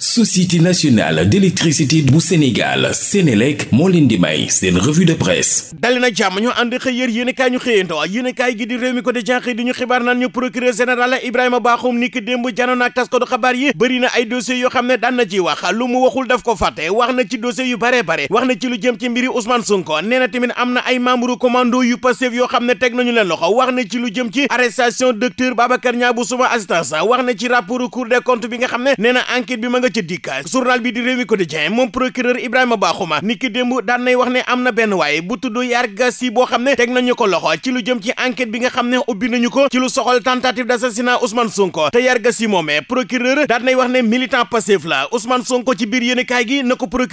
société nationale d'électricité bu Sénégal Sénélec moo leen di may seen revue de presse dali na ñoo ànd xëy yér ñu xëyanto yéen i gi di réew mi ko di jànq di ñu xibaar naan procureur général Ibrahima Bakhoum ni démb janoon ak tas du xabaar yi bëri na ay dossiers yoo xam ne daan na wax lu mu waxul daf ko fàtte wax na ci dossier yu bare bare wax na ci lu jëm ci mbiri Ousmane Sonko nee na am na ay membre commando yu nga ca dikkaay bi di Rewmi Quotidien moom procureur Ibrahima Bakhouma ni ki démb daan wax ne am na benn waaye bu tudd Yargassi boo xam ne teg nañu ko loxo ci lu jëm ci enquête bi nga xam ne ubbi nañu ko ci lu soxal tentative d'assassinat Ousmane Sonko te Yargassi moomee procureur daan wax ne militant Pastef la Ousmane Sonko ci biir yéenekaay gi na ko bul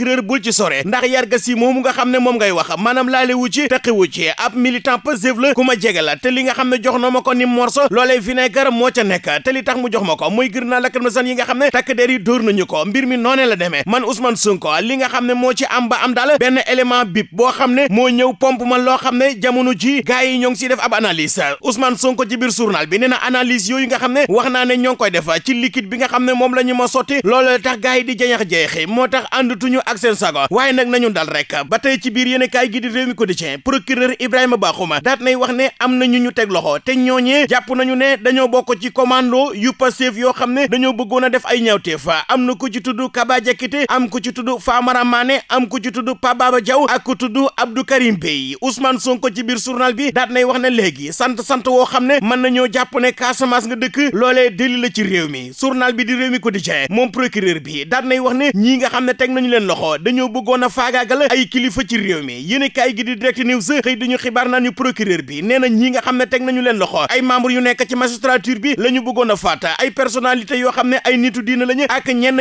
ci sore ndax Yargassi moomu nga xam ne moom ngay wax maanaam laalewu ci ci te li nga xam ne jox defuñu ko mbir mi noonee la demee man Ousmane Sonko li nga xam ne moo ci am ba am daal benn élément bip boo xam ne moo ñëw pompe man loo xam ne jamono ji gars yi ñoo ngi siy def ab analyse Ousmane Sonko ci biir journal bi nee nga xam ne wax naa ne ñoo koy def ci liquide bi nga xam ne moom la ñu ma sotti loolu tax gars yi di jañax jeexi moo tax àndatuñu ak seen sago waaye nag nañu dal rek ba tey ci biir yéen kaay gi di réew mi quotidien procureur Ibrahima Bakhouma daat nay wax ne am na ñu ñu teg loxo te ñooñee jàpp nañu ne dañoo bokk ci commando yoo xam ne dañoo bëggoon a def ay na ku ci tudd Kaba Jakite am ku ci tudd Famara am ku ci tudd Pape ak ku tudd Karim Bey Ousmane Sonko ci biir journal bi daat nay wax ne léegi sant sant woo xam ne mën nañoo jàpp ne Casamance nga dëkk loolee déli la ci réew mi journal bi di réew mi quotidien moom procureur bi daat nay wax ne ñii nga xam ne teg nañu leen loxo dañoo bëggoon a faagaagal ay kilifa ci réew mi yéen kaay gi di direct news xëy dañu xibaar naa ñu procureur nga xam ne teg nañu leen loxo ay membre yu nekk ci magistrature bi la yoo xam ne ay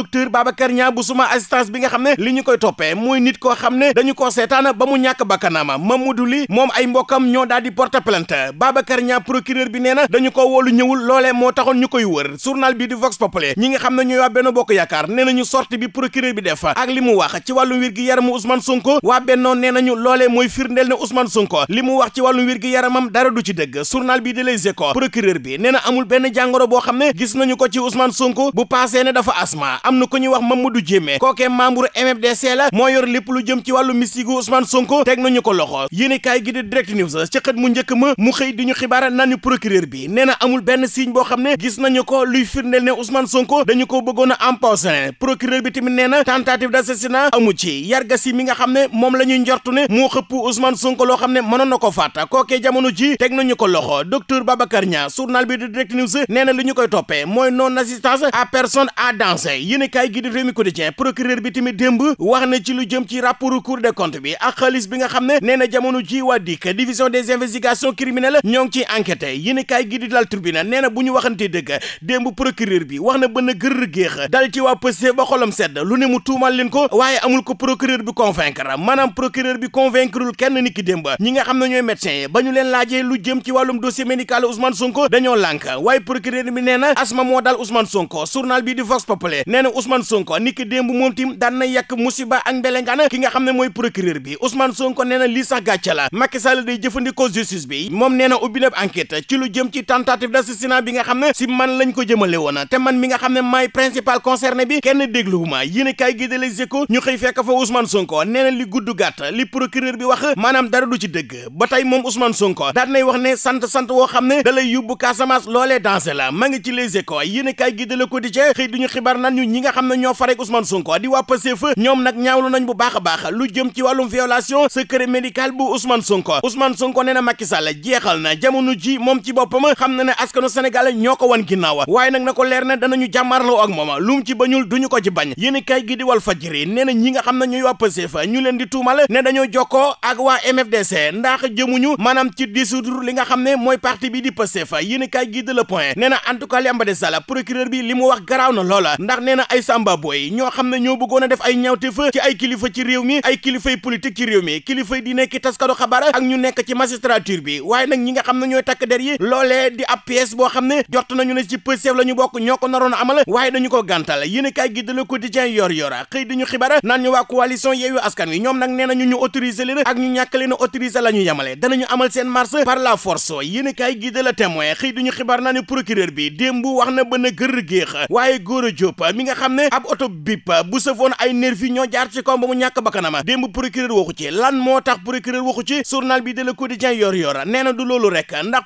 docteur Babacar Niang bu suma assistance bi nga xam ne li ñu koy toppee mooy nit koo xam ne dañu koo seetaan ba mu ñàkk bakkanaama Mamadou Ly moom ay mbokkam ñoo daal di porter plainte Babacar Niang procureur bi nee na dañu ko woolu ñëwul loolee moo taxoon ñu koy wër journal bi di Vox Populi ñi nga xam ne ñooy waa Benno Bokk Yaakaar nee nañu sortie bi procureur bi def ak li mu wax ci wàllum wér gi yaramu Ousmane Sonko waa Benno nee nañu loolee mooy firndeel ne Ousmane Sonko bi di Les Échos procureur benn jàngoro boo xam ne gis nañu ko ci Ousmane Sonko bu paasee ne dafa asma am na ku ñuy wax Mamadou Diémé kookee membre MFDC la moo yor lépp lu jëm ci wàllu mystique gu Ousmane Sonko teg nañu ko loxo yéen kaay gi di direct news ci xët mu njëkk ma mu xëy di ñu xibaar nañu procureur bi nee na amul benn signe boo xam ne gis nañu ko luy firndeel ne Ousmane Sonko dañu ko bëggoon a empoisonné procureur bi tamit nee na tentative d'assassinat amu ci yarga mi nga xam ne moom la ñuy njortu ne moo xëpp Ousmane Sonko loo xam ne mënoon na ko faat kookee jamono ji teg nañu ko loxo docteur Babacar Niang journal bi di direct news nee na li ñu koy toppee mooy non assistance à personne à danser yéenekaay gi di Rewmi Quotidien procureur bi wax na ci lu jëm ci rapport Cour des bi wax na bënn gërër géex dal ci waa Pastef ba xolam sedd lu ne mu tuumal leen ko waaye amul ko procureur bi convaincre maanaam procureur bi convaincreul kenn ni ki démb ñi nga xam ne ñooy médecins yi ba ñu leen laajee lu jëm ci wàllum dossier médical Ousmane Sonko dañoo lànk waaye procureur bi nee asma moo dal Ousmane Sonko journal bi di Vox Populi nee li gudd gàtt li procureur bi wax maanaam dara du ci dëgg ba tey moom Ousmane Sonko daan nay wax ne sant sant woo xam ne da lay yóbbu loolee dansé la ma ci Les Échos yéen kaay gi de Le Quotidien xëy duñu xibaar naan ñi nga xam na ñoo farek Ousmane Sonko di waa Pastef ñoom nag ñaawlu nañ bu baax a baax lu jëm ci wàllum violation secret médical bu Ousmane Sonko Ousmane Sonko nee na Macky Sall jeexal na jamono ji moom ci boppam xam na ne askanu Sénégal ñoo ko wan ginnaaw waaye nag na ko leer ne danañu jàmmarloo ak moom lu mu ci bañul duñu ko ci bañ yéen kay gi wal Walf Fadjri nee na ñi nga xam na ñuy waa Pastef ñu leen di tuumal ne dañoo jokkoo ak waa MFDC ndax jëmuñu maanaam ci dissoudre li nga xam ne mooy parti bi di Pastef yéen kay gi de li wax garaaw na loola ndax na ay samba booy ñoo xam ne ñoo bëggoon def ay ñaawteef ci ay kilifa ci réew mi ay kilifay politique ci réew mi kilifay di nekk taskado xabaar ak ñu nekk ci magistrature bi waaye nag ñi nga xam ne ñooy takk der yi loolee di ab pièce boo xam ne jot nañu ne ci Pastef la bokk ñoo ko naroon amal waaye dañu ko gàntal yéen a kaay yor yora xëy diñu xibaar naan waa coalition Yewwi Askan Wi ñoom nag nee nañu ñu autoriser leen ak ñu ñàkk Le nga xam ne ab oto bip bu sëfoon ay lan moo tax procureur waxu ci journal bi de Le Quotidien yor yor nee na du loolu rek ndax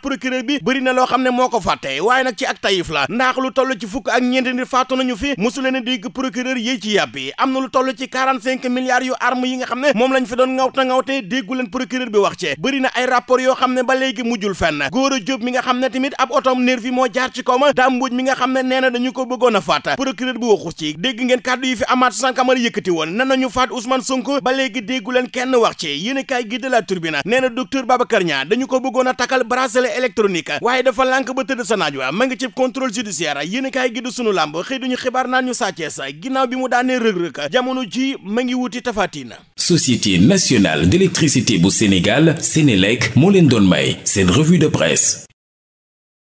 moo ko fàtte waaye nag ci ak tayif la ndax lu toll ci fukk ak ñeenti nit faatu nañu fi mosu leen a dégg procureur yéy ci yàbbi am na lu toll ci 45 milliards yu arme yi nga xam ne moom lañ fi doon ngawta ngawte déggu leen procureur bi wax ci bëri na ay rapport yoo xam ne ba léegi mujjul fenn góor a jóob mi nga xam ne tamit ab otom nervi moo jaar ci kaw ma mi nga xam ne nee na dañu ko bëggoon a fàtt procureur bi waxu ci dégg ngeen kàddu yi fi Amath Sànkamara yëkkati woon nan nañu faat Ousmane Sonko ba léegi déggu leen kenn wax ci yéen kaay gi de la Tribune nee na docteur Babacar Niang dañu ko bëggoon a takkal bracelet électronique waaye dafa lànk ba tëdd sa naaj wa ma ngi ci contrôle judiciaire yéen kaay gi de sunu làmb xëy duñu xibaar naan ñu sàccee sa ginnaaw bi mu daanee rëg-rëg jamono ji ma ngi wuti tafaatina Société nationale d'électricité bu Sénégal Sénélec moo leen doon may seen revue de presse